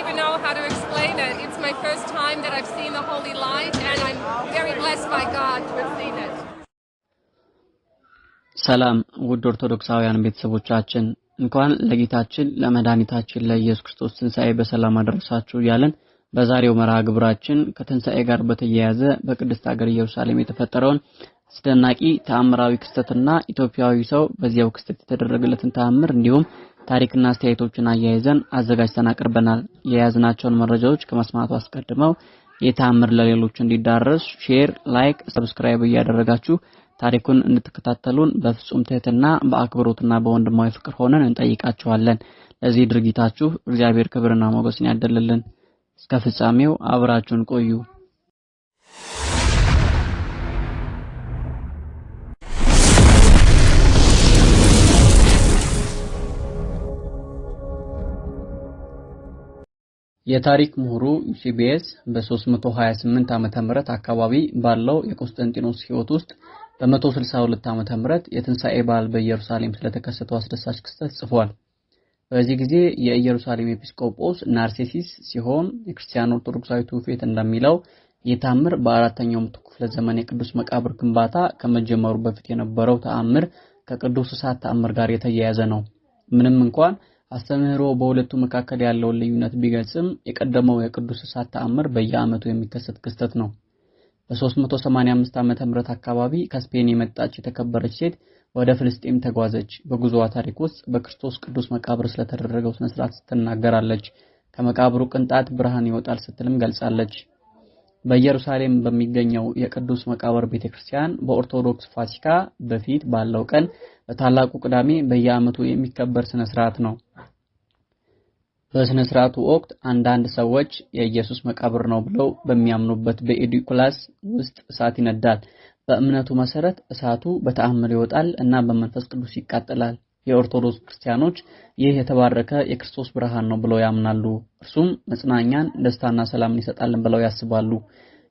even know how to explain it. It's my first time that I've seen the Holy Light, and I'm very blessed by God to have seen it. ሰላም ውድ ኦርቶዶክሳውያን ቤተሰቦቻችን እንኳን ለጌታችን ለመድኃኒታችን ለኢየሱስ ክርስቶስ ትንሣኤ በሰላም አደረሳችሁ እያለን በዛሬው መርሃ ግብራችን ከትንሣኤ ጋር በተያያዘ በቅድስት ሀገር ኢየሩሳሌም የተፈጠረውን አስደናቂ ተአምራዊ ክስተትና ኢትዮጵያዊ ሰው በዚያው ክስተት የተደረገለትን ተአምር እንዲሁም ታሪክና አስተያየቶችን አያይዘን አዘጋጅተን አቅርበናል። የያዝናቸውን መረጃዎች ከመስማቱ አስቀድመው የተአምር ለሌሎች እንዲዳረስ ሼር፣ ላይክ፣ ሰብስክራይብ እያደረጋችሁ ታሪኩን እንድትከታተሉን በፍጹም ትህትና በአክብሮትና በወንድማዊ ፍቅር ሆነን እንጠይቃችኋለን። ለዚህ ድርጊታችሁ እግዚአብሔር ክብርና ሞገስን ያደልልን። እስከ ፍጻሜው አብራችሁን ቆዩ። የታሪክ ምሁሩ ዩሲቢኤስ በ328 ዓመተ ምህረት አካባቢ ባለው የቆስጠንጢኖስ ሕይወት ውስጥ በ162 ዓመተ ምህረት የትንሣኤ በዓል በኢየሩሳሌም ስለተከሰተው አስደሳች ክስተት ጽፏል። በዚህ ጊዜ የኢየሩሳሌም ኤጲስቆጶስ ናርሴሲስ ሲሆን የክርስቲያን ኦርቶዶክሳዊ ትውፊት እንደሚለው የታምር በአራተኛው መቶ ክፍለ ዘመን የቅዱስ መቃብር ግንባታ ከመጀመሩ በፊት የነበረው ተአምር ከቅዱስ እሳት ተአምር ጋር የተያያዘ ነው። ምንም እንኳን አስተምህሮ በሁለቱ መካከል ያለውን ልዩነት ቢገልጽም የቀደመው የቅዱስ እሳት ተአምር በየዓመቱ የሚከሰት ክስተት ነው። በ385 ዓ ም አካባቢ ከስፔን የመጣች የተከበረች ሴት ወደ ፍልስጤም ተጓዘች። በጉዞዋ ታሪክ ውስጥ በክርስቶስ ቅዱስ መቃብር ስለተደረገው ስነስርዓት ስትናገራለች። ከመቃብሩ ቅንጣት ብርሃን ይወጣል ስትልም ገልጻለች። በኢየሩሳሌም በሚገኘው የቅዱስ መቃብር ቤተክርስቲያን በኦርቶዶክስ ፋሲካ በፊት ባለው ቀን በታላቁ ቅዳሜ በየዓመቱ የሚከበር ስነስርዓት ነው። በሥነ ሥርዓቱ ወቅት አንዳንድ ሰዎች የኢየሱስ መቃብር ነው ብለው በሚያምኑበት በኤዲኩላስ ውስጥ እሳት ይነዳል። በእምነቱ መሰረት እሳቱ በተአምር ይወጣል እና በመንፈስ ቅዱስ ይቃጠላል። የኦርቶዶክስ ክርስቲያኖች ይህ የተባረከ የክርስቶስ ብርሃን ነው ብለው ያምናሉ። እርሱም መጽናኛን፣ ደስታና ሰላምን ይሰጣልን ብለው ያስባሉ።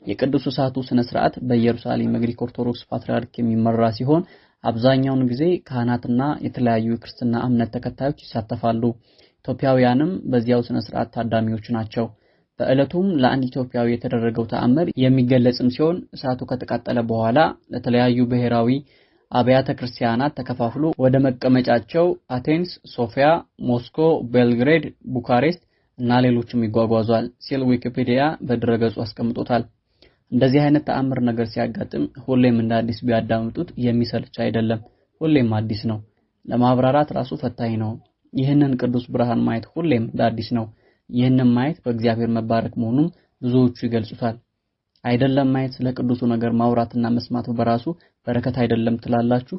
የቅዱስ እሳቱ ሥነ ሥርዓት በኢየሩሳሌም ግሪክ ኦርቶዶክስ ፓትርያርክ የሚመራ ሲሆን አብዛኛውን ጊዜ ካህናትና የተለያዩ የክርስትና እምነት ተከታዮች ይሳተፋሉ። ኢትዮጵያውያንም በዚያው ስነ ስርዓት ታዳሚዎች ናቸው። በዕለቱም ለአንድ ኢትዮጵያዊ የተደረገው ተአምር የሚገለጽም ሲሆን እሳቱ ከተቃጠለ በኋላ ለተለያዩ ብሔራዊ አብያተ ክርስቲያናት ተከፋፍሎ ወደ መቀመጫቸው አቴንስ፣ ሶፊያ፣ ሞስኮ፣ ቤልግሬድ፣ ቡካሬስት እና ሌሎችም ይጓጓዟል ሲል ዊኪፒዲያ በድረገጹ አስቀምጦታል። እንደዚህ አይነት ተአምር ነገር ሲያጋጥም ሁሌም እንደ አዲስ ቢያዳምጡት የሚሰልች አይደለም። ሁሌም አዲስ ነው። ለማብራራት ራሱ ፈታኝ ነው። ይህንን ቅዱስ ብርሃን ማየት ሁሌም ለአዲስ ነው። ይህንን ማየት በእግዚአብሔር መባረክ መሆኑን ብዙዎቹ ይገልጹታል። አይደለም ማየት ስለ ቅዱሱ ነገር ማውራትና መስማት በራሱ በረከት አይደለም ትላላችሁ?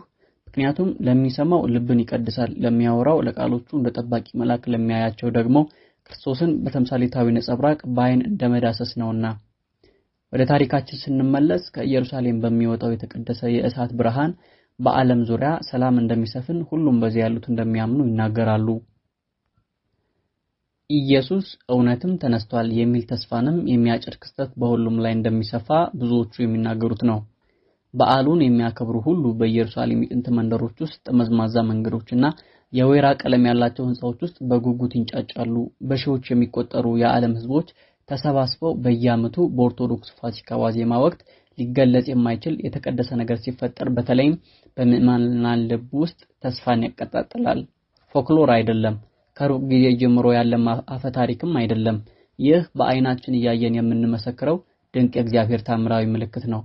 ምክንያቱም ለሚሰማው ልብን ይቀድሳል፣ ለሚያወራው ለቃሎቹ እንደ ጠባቂ መልአክ ለሚያያቸው ደግሞ ክርስቶስን በተምሳሌታዊ ነጸብራቅ በአይን እንደ መዳሰስ ነውና። ወደ ታሪካችን ስንመለስ ከኢየሩሳሌም በሚወጣው የተቀደሰ የእሳት ብርሃን በዓለም ዙሪያ ሰላም እንደሚሰፍን ሁሉም በዚህ ያሉት እንደሚያምኑ ይናገራሉ። ኢየሱስ እውነትም ተነስቷል የሚል ተስፋንም የሚያጭር ክስተት በሁሉም ላይ እንደሚሰፋ ብዙዎቹ የሚናገሩት ነው። በዓሉን የሚያከብሩ ሁሉ በኢየሩሳሌም የጥንት መንደሮች ውስጥ ጠመዝማዛ መንገዶችና የወይራ ቀለም ያላቸው ህንፃዎች ውስጥ በጉጉት ይንጫጫሉ። በሺዎች የሚቆጠሩ የዓለም ህዝቦች ተሰባስበው በየዓመቱ በኦርቶዶክስ ፋሲካ ዋዜማ ወቅት ሊገለጽ የማይችል የተቀደሰ ነገር ሲፈጠር በተለይም በምዕመናን ልብ ውስጥ ተስፋን ያቀጣጥላል። ፎክሎር አይደለም፣ ከሩቅ ጊዜ ጀምሮ ያለ አፈ ታሪክም አይደለም። ይህ በአይናችን እያየን የምንመሰክረው ድንቅ የእግዚአብሔር ታምራዊ ምልክት ነው።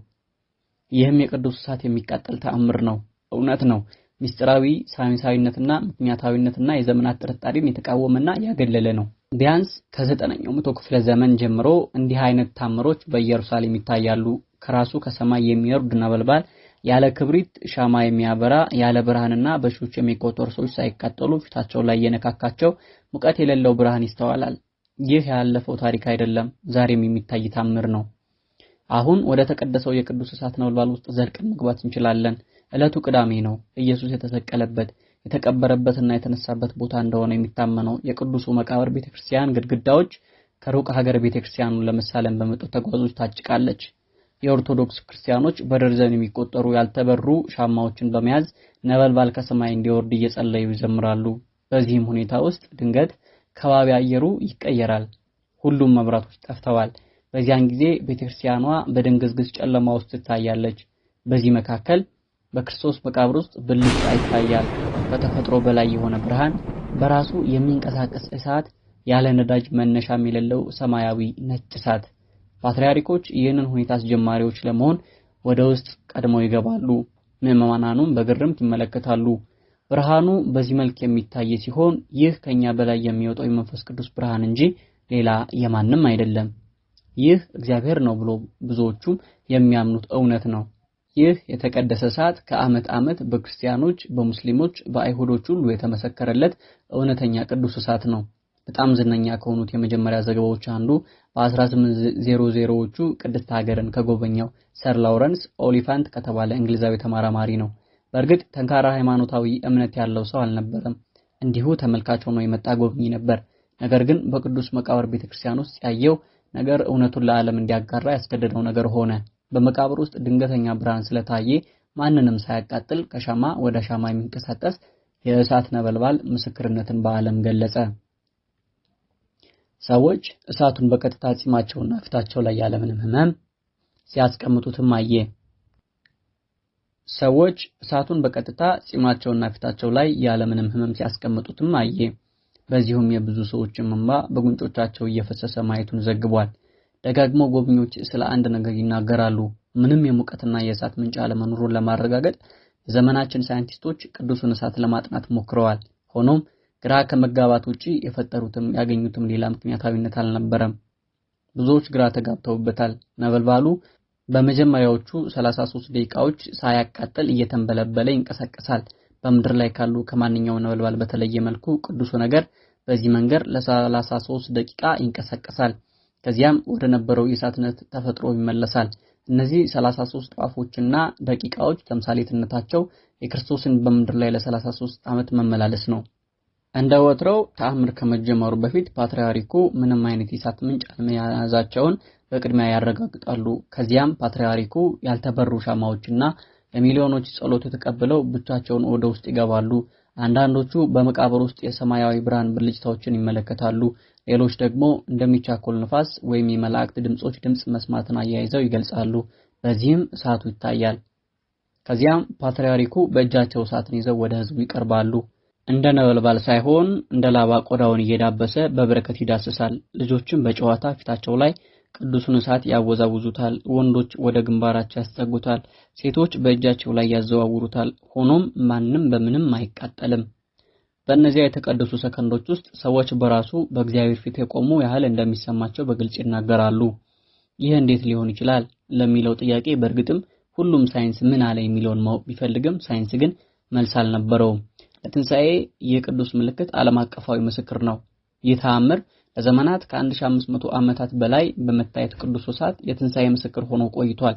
ይህም የቅዱስ እሳት የሚቃጠል ተአምር ነው። እውነት ነው። ሚስጥራዊ ሳይንሳዊነትና ምክንያታዊነትና የዘመናት ጥርጣሬን የተቃወመና ያገለለ ነው። ቢያንስ ከዘጠነኛው መቶ ክፍለ ዘመን ጀምሮ እንዲህ አይነት ታምሮች በኢየሩሳሌም ይታያሉ። ከራሱ ከሰማይ የሚወርድ ነበልባል ያለ ክብሪት ሻማ የሚያበራ ያለ ብርሃንና በሺዎች የሚቆጠሩ ሰዎች ሳይቃጠሉ ፊታቸው ላይ የነካካቸው ሙቀት የሌለው ብርሃን ይስተዋላል። ይህ ያለፈው ታሪክ አይደለም፣ ዛሬም የሚታይ ታምር ነው። አሁን ወደ ተቀደሰው የቅዱስ እሳት ነበልባል ውስጥ ዘልቀን መግባት እንችላለን። ዕለቱ ቅዳሜ ነው። ኢየሱስ የተሰቀለበት የተቀበረበትና የተነሳበት ቦታ እንደሆነ የሚታመነው የቅዱሱ መቃብር ቤተክርስቲያን ግድግዳዎች ከሩቅ ሀገር ቤተክርስቲያኑን ለመሳለም በመጡ ተጓዦች ታጭቃለች። የኦርቶዶክስ ክርስቲያኖች በደርዘን የሚቆጠሩ ያልተበሩ ሻማዎችን በመያዝ ነበልባል ከሰማይ እንዲወርድ እየጸለዩ ይዘምራሉ። በዚህም ሁኔታ ውስጥ ድንገት ከባቢ አየሩ ይቀየራል። ሁሉም መብራቶች ጠፍተዋል። በዚያን ጊዜ ቤተክርስቲያኗ በድንግዝግዝ ጨለማ ውስጥ ትታያለች። በዚህ መካከል በክርስቶስ መቃብር ውስጥ ብልጭታ ይታያል። ከተፈጥሮ በላይ የሆነ ብርሃን፣ በራሱ የሚንቀሳቀስ እሳት፣ ያለ ነዳጅ መነሻም የሌለው ሰማያዊ ነጭ እሳት ፓትርያርኮች ይህንን ሁኔታ አስጀማሪዎች ለመሆን ወደ ውስጥ ቀድመው ይገባሉ፣ ምዕመናኑም በግርምት ይመለከታሉ። ብርሃኑ በዚህ መልክ የሚታይ ሲሆን ይህ ከኛ በላይ የሚወጣው የመንፈስ ቅዱስ ብርሃን እንጂ ሌላ የማንም አይደለም። ይህ እግዚአብሔር ነው ብሎ ብዙዎቹም የሚያምኑት እውነት ነው። ይህ የተቀደሰ ሰዓት ከዓመት ዓመት በክርስቲያኖች፣ በሙስሊሞች፣ በአይሁዶች ሁሉ የተመሰከረለት እውነተኛ ቅዱስ እሳት ነው። በጣም ዝነኛ ከሆኑት የመጀመሪያ ዘገባዎች አንዱ በ1800ዎቹ ቅድስት ሀገርን ከጎበኘው ሰር ላውረንስ ኦሊፋንት ከተባለ እንግሊዛዊ ተመራማሪ ነው። በእርግጥ ጠንካራ ሃይማኖታዊ እምነት ያለው ሰው አልነበረም። እንዲሁ ተመልካች ሆኖ የመጣ ጎብኚ ነበር። ነገር ግን በቅዱስ መቃብር ቤተክርስቲያን ውስጥ ያየው ነገር እውነቱን ለዓለም እንዲያጋራ ያስገደደው ነገር ሆነ። በመቃብር ውስጥ ድንገተኛ ብርሃን ስለታየ ማንንም ሳያቃጥል ከሻማ ወደ ሻማ የሚንቀሳቀስ የእሳት ነበልባል ምስክርነትን በዓለም ገለጸ። ሰዎች እሳቱን በቀጥታ ጺማቸውና ፊታቸው ላይ ያለምንም ህመም ሲያስቀምጡትም አየ። ሰዎች እሳቱን በቀጥታ ጺማቸውና ፊታቸው ላይ ያለምንም ህመም ሲያስቀምጡትም አየ። በዚሁም የብዙ ሰዎችም እንባ በጉንጮቻቸው እየፈሰሰ ማየቱን ዘግቧል። ደጋግሞ ጎብኚዎች ስለ አንድ ነገር ይናገራሉ። ምንም የሙቀትና የእሳት ምንጭ አለመኖሩን ለማረጋገጥ የዘመናችን ሳይንቲስቶች ቅዱሱን እሳት ለማጥናት ሞክረዋል። ሆኖም ግራ ከመጋባት ውጪ የፈጠሩትም ያገኙትም ሌላ ምክንያታዊነት አልነበረም። ብዙዎች ግራ ተጋብተውበታል። ነበልባሉ በመጀመሪያዎቹ 33 ደቂቃዎች ሳያቃጥል እየተንበለበለ ይንቀሳቀሳል። በምድር ላይ ካሉ ከማንኛውም ነበልባል በተለየ መልኩ ቅዱሱ ነገር በዚህ መንገድ ለ33 ደቂቃ ይንቀሳቀሳል። ከዚያም ወደ ነበረው የእሳትነት ተፈጥሮ ይመለሳል። እነዚህ 33 ጧፎችና ደቂቃዎች ተምሳሌትነታቸው የክርስቶስን በምድር ላይ ለ33 ዓመት መመላለስ ነው። እንደ ወትሮው ተአምር ከመጀመሩ በፊት ፓትርያርኩ ምንም አይነት የእሳት ምንጭ አለመያዛቸውን በቅድሚያ ያረጋግጣሉ። ከዚያም ፓትርያርኩ ያልተበሩ ሻማዎችና የሚሊዮኖች ጸሎት ተቀብለው ብቻቸውን ወደ ውስጥ ይገባሉ። አንዳንዶቹ በመቃብር ውስጥ የሰማያዊ ብርሃን ብልጭታዎችን ይመለከታሉ። ሌሎች ደግሞ እንደሚቻኮል ንፋስ ወይም የመላእክት ድምጾች ድምፅ መስማትን አያይዘው ይገልጻሉ። በዚህም እሳቱ ይታያል። ከዚያም ፓትርያርኩ በእጃቸው እሳትን ይዘው ወደ ህዝቡ ይቀርባሉ። እንደ ነበልባል ሳይሆን እንደ ላባ ቆዳውን እየዳበሰ በበረከት ይዳስሳል። ልጆችም በጨዋታ ፊታቸው ላይ ቅዱሱን እሳት ያወዛውዙታል። ወንዶች ወደ ግንባራቸው ያስጠጉታል፣ ሴቶች በእጃቸው ላይ ያዘዋውሩታል። ሆኖም ማንም በምንም አይቃጠልም። በእነዚያ የተቀደሱ ሰከንዶች ውስጥ ሰዎች በራሱ በእግዚአብሔር ፊት የቆሙ ያህል እንደሚሰማቸው በግልጽ ይናገራሉ። ይህ እንዴት ሊሆን ይችላል ለሚለው ጥያቄ በእርግጥም ሁሉም ሳይንስ ምን አለ የሚለውን ማወቅ ቢፈልግም ሳይንስ ግን መልስ አልነበረውም። ትንሣኤ የቅዱስ ምልክት ዓለም አቀፋዊ ምስክር ነው። ይህ ተአምር ለዘመናት ከ1500 ዓመታት በላይ በመታየት ቅዱስ እሳት የትንሣኤ ምስክር ሆኖ ቆይቷል።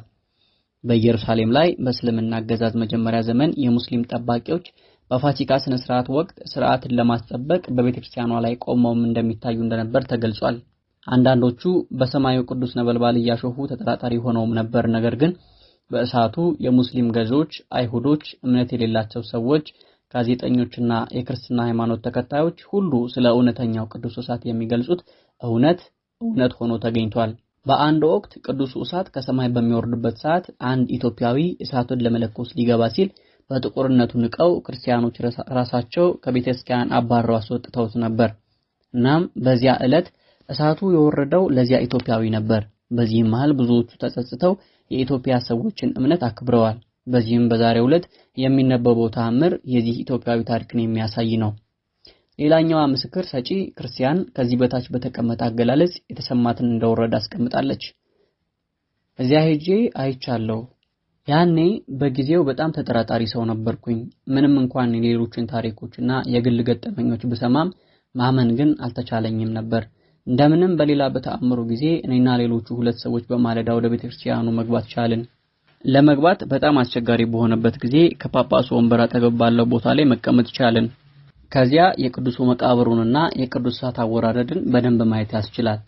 በኢየሩሳሌም ላይ በእስልምና አገዛዝ መጀመሪያ ዘመን የሙስሊም ጠባቂዎች በፋሲካ ስነ ስርዓት ወቅት ስርዓትን ለማስጠበቅ በቤተክርስቲያኗ ላይ ቆመውም እንደሚታዩ እንደነበር ተገልጿል። አንዳንዶቹ በሰማዩ ቅዱስ ነበልባል እያሾፉ ተጠራጣሪ ሆነውም ነበር። ነገር ግን በእሳቱ የሙስሊም ገዢዎች፣ አይሁዶች፣ እምነት የሌላቸው ሰዎች ጋዜጠኞችና የክርስትና ሃይማኖት ተከታዮች ሁሉ ስለ እውነተኛው ቅዱስ እሳት የሚገልጹት እውነት እውነት ሆኖ ተገኝቷል። በአንድ ወቅት ቅዱሱ እሳት ከሰማይ በሚወርድበት ሰዓት አንድ ኢትዮጵያዊ እሳቱን ለመለኮስ ሊገባ ሲል በጥቁርነቱ ንቀው ክርስቲያኖች ራሳቸው ከቤተክርስቲያን አባረው አስወጥተውት ነበር። እናም በዚያ ዕለት እሳቱ የወረደው ለዚያ ኢትዮጵያዊ ነበር። በዚህም መሃል ብዙዎቹ ተጸጽተው የኢትዮጵያ ሰዎችን እምነት አክብረዋል። በዚህም በዛሬው ዕለት የሚነበበው ተአምር የዚህ ኢትዮጵያዊ ታሪክን የሚያሳይ ነው። ሌላኛዋ ምስክር ሰጪ ክርስቲያን ከዚህ በታች በተቀመጠ አገላለጽ የተሰማትን እንደወረደ አስቀምጣለች። እዚያ ሄጄ አይቻለሁ። ያኔ በጊዜው በጣም ተጠራጣሪ ሰው ነበርኩኝ። ምንም እንኳን የሌሎችን ታሪኮችና የግል ገጠመኞች ብሰማም ማመን ግን አልተቻለኝም ነበር። እንደምንም በሌላ በተአምሩ ጊዜ እኔና ሌሎቹ ሁለት ሰዎች በማለዳ ወደ ቤተክርስቲያኑ መግባት ቻልን። ለመግባት በጣም አስቸጋሪ በሆነበት ጊዜ ከጳጳሱ ወንበር አጠገብ ባለው ቦታ ላይ መቀመጥ ይቻላል። ከዚያ የቅዱሱ መቃብሩንና የቅዱስ እሳት አወራረድን በደንብ ማየት ያስችላል።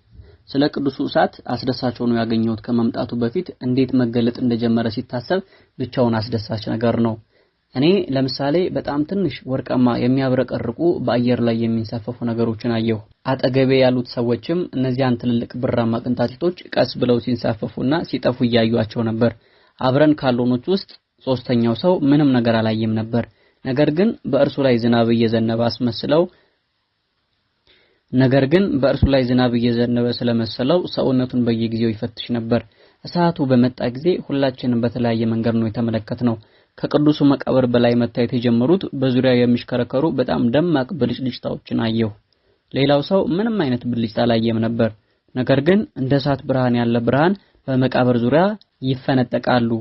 ስለ ቅዱሱ እሳት አስደሳች ሆኖ ያገኘሁት ከመምጣቱ በፊት እንዴት መገለጥ እንደጀመረ ሲታሰብ ብቻውን አስደሳች ነገር ነው። እኔ ለምሳሌ በጣም ትንሽ ወርቃማ የሚያብረቀርቁ በአየር ላይ የሚንሳፈፉ ነገሮችን አየሁ። አጠገቤ ያሉት ሰዎችም እነዚያን ትልልቅ ብራማ ቅንጣቶች ቀስ ብለው ሲንሳፈፉና ሲጠፉ እያዩቸው ነበር። አብረን ካልሆኖች ውስጥ ሶስተኛው ሰው ምንም ነገር አላየም ነበር። ነገር ግን በእርሱ ላይ ዝናብ እየዘነበ አስመስለው ነገር ግን በእርሱ ላይ ዝናብ እየዘነበ ስለመሰለው ሰውነቱን በየጊዜው ይፈትሽ ነበር። እሳቱ በመጣ ጊዜ ሁላችንም በተለያየ መንገድ ነው የተመለከትነው። ከቅዱሱ መቃብር በላይ መታየት የጀመሩት በዙሪያ የሚሽከረከሩ በጣም ደማቅ ብልጭልጭታዎችን አየሁ። ሌላው ሰው ምንም አይነት ብልጭታ አላየም ነበር። ነገር ግን እንደ እሳት ብርሃን ያለ ብርሃን በመቃብር ዙሪያ ይፈነጠቃሉ።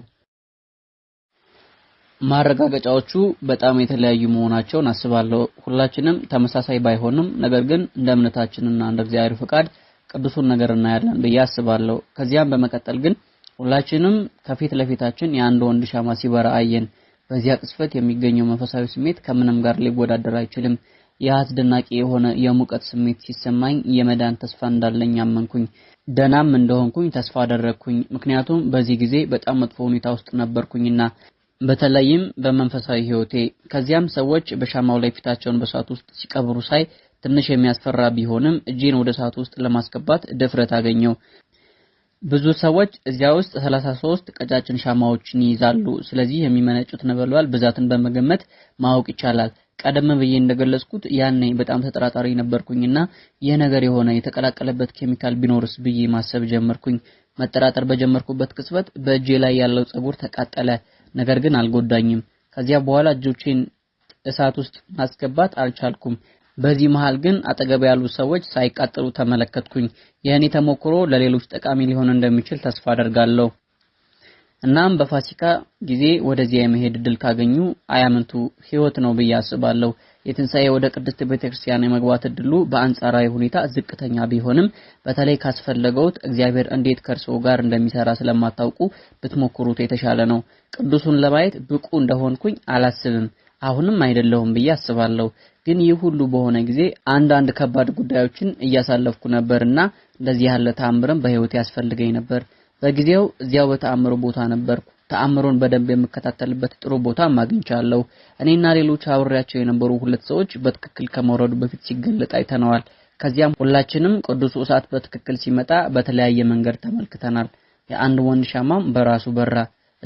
ማረጋገጫዎቹ በጣም የተለያዩ መሆናቸውን አስባለሁ። ሁላችንም ተመሳሳይ ባይሆንም ነገር ግን እንደ እምነታችንና እንደ እግዚአብሔር ፈቃድ ቅዱሱን ነገር እናያለን ብዬ አስባለሁ። ከዚያም በመቀጠል ግን ሁላችንም ከፊት ለፊታችን የአንድ ወንድ ሻማ ሲበራ አየን። በዚያ ቅስፈት የሚገኘው መንፈሳዊ ስሜት ከምንም ጋር ሊወዳደር አይችልም። ያ አስደናቂ የሆነ የሙቀት ስሜት ሲሰማኝ የመዳን ተስፋ እንዳለኝ አመንኩኝ። ደናም እንደሆንኩኝ ተስፋ አደረግኩኝ። ምክንያቱም በዚህ ጊዜ በጣም መጥፎ ሁኔታ ውስጥ ነበርኩኝና በተለይም በመንፈሳዊ ህይወቴ ከዚያም ሰዎች በሻማው ላይ ፊታቸውን በእሳት ውስጥ ሲቀብሩ ሳይ ትንሽ የሚያስፈራ ቢሆንም እጄን ወደ እሳት ውስጥ ለማስገባት ድፍረት አገኘው። ብዙ ሰዎች እዚያ ውስጥ 33 ቀጫጭን ሻማዎችን ይይዛሉ። ስለዚህ የሚመነጩት ነበልባል ብዛትን በመገመት ማወቅ ይቻላል። ቀደም ብዬ እንደገለጽኩት ያኔ በጣም ተጠራጣሪ ነበርኩኝና ይህ ነገር የሆነ የተቀላቀለበት ኬሚካል ቢኖርስ ብዬ ማሰብ ጀመርኩኝ። መጠራጠር በጀመርኩበት ቅጽበት በእጄ ላይ ያለው ጸጉር ተቃጠለ፣ ነገር ግን አልጎዳኝም። ከዚያ በኋላ እጆቼን እሳት ውስጥ ማስገባት አልቻልኩም። በዚህ መሃል ግን አጠገብ ያሉ ሰዎች ሳይቃጠሉ ተመለከትኩኝ። የእኔ ተሞክሮ ለሌሎች ጠቃሚ ሊሆን እንደሚችል ተስፋ አደርጋለሁ። እናም በፋሲካ ጊዜ ወደዚያ የመሄድ እድል ካገኙ አያምንቱ ህይወት ነው ብዬ አስባለሁ። የትንሣኤ ወደ ቅድስት ቤተክርስቲያን የመግባት እድሉ በአንጻራዊ ሁኔታ ዝቅተኛ ቢሆንም በተለይ ካስፈለገውት እግዚአብሔር እንዴት ከእርስዎ ጋር እንደሚሰራ ስለማታውቁ ብትሞክሩት የተሻለ ነው። ቅዱሱን ለማየት ብቁ እንደሆንኩኝ አላስብም፣ አሁንም አይደለሁም ብዬ አስባለሁ። ግን ይህ ሁሉ በሆነ ጊዜ አንዳንድ ከባድ ጉዳዮችን እያሳለፍኩ ነበርና እንደዚህ ያለ ታምርም በህይወት ያስፈልገኝ ነበር። በጊዜው እዚያው በተአምሮ ቦታ ነበርኩ። ተአምሮን በደንብ የምከታተልበት ጥሩ ቦታ አግኝቻለሁ። እኔና ሌሎች አብሬያቸው የነበሩ ሁለት ሰዎች በትክክል ከመውረዱ በፊት ሲገለጥ አይተነዋል። ከዚያም ሁላችንም ቅዱሱ እሳት በትክክል ሲመጣ በተለያየ መንገድ ተመልክተናል። የአንድ ወንድ ሻማም በራሱ በራ።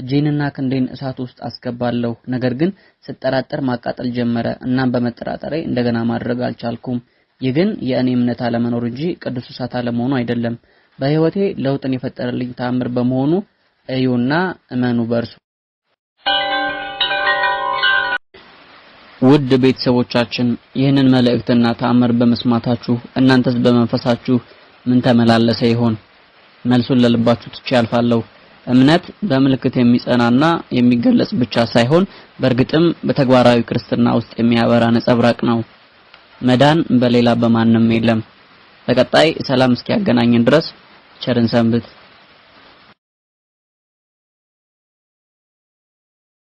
እጄንና ክንዴን እሳት ውስጥ አስገባለሁ፣ ነገር ግን ስጠራጠር ማቃጠል ጀመረ። እናም በመጠራጠሬ እንደገና ማድረግ አልቻልኩም። ይህ ግን የእኔ እምነት አለመኖር እንጂ ቅዱስ እሳት አለመሆኑ አይደለም። በህይወቴ ለውጥን የፈጠረልኝ ተአምር በመሆኑ እዩና እመኑ በርሱ ውድ ቤተሰቦቻችን ይህንን መልእክትና ተአምር በመስማታችሁ እናንተስ በመንፈሳችሁ ምን ተመላለሰ ይሆን? መልሱን ለልባችሁ ትቼ ያልፋለሁ። እምነት በምልክት የሚጸናና የሚገለጽ ብቻ ሳይሆን በእርግጥም በተግባራዊ ክርስትና ውስጥ የሚያበራ ነጸብራቅ ነው። መዳን በሌላ በማንም የለም። በቀጣይ ሰላም እስኪያገናኝን ድረስ ቸርን ሰንብት።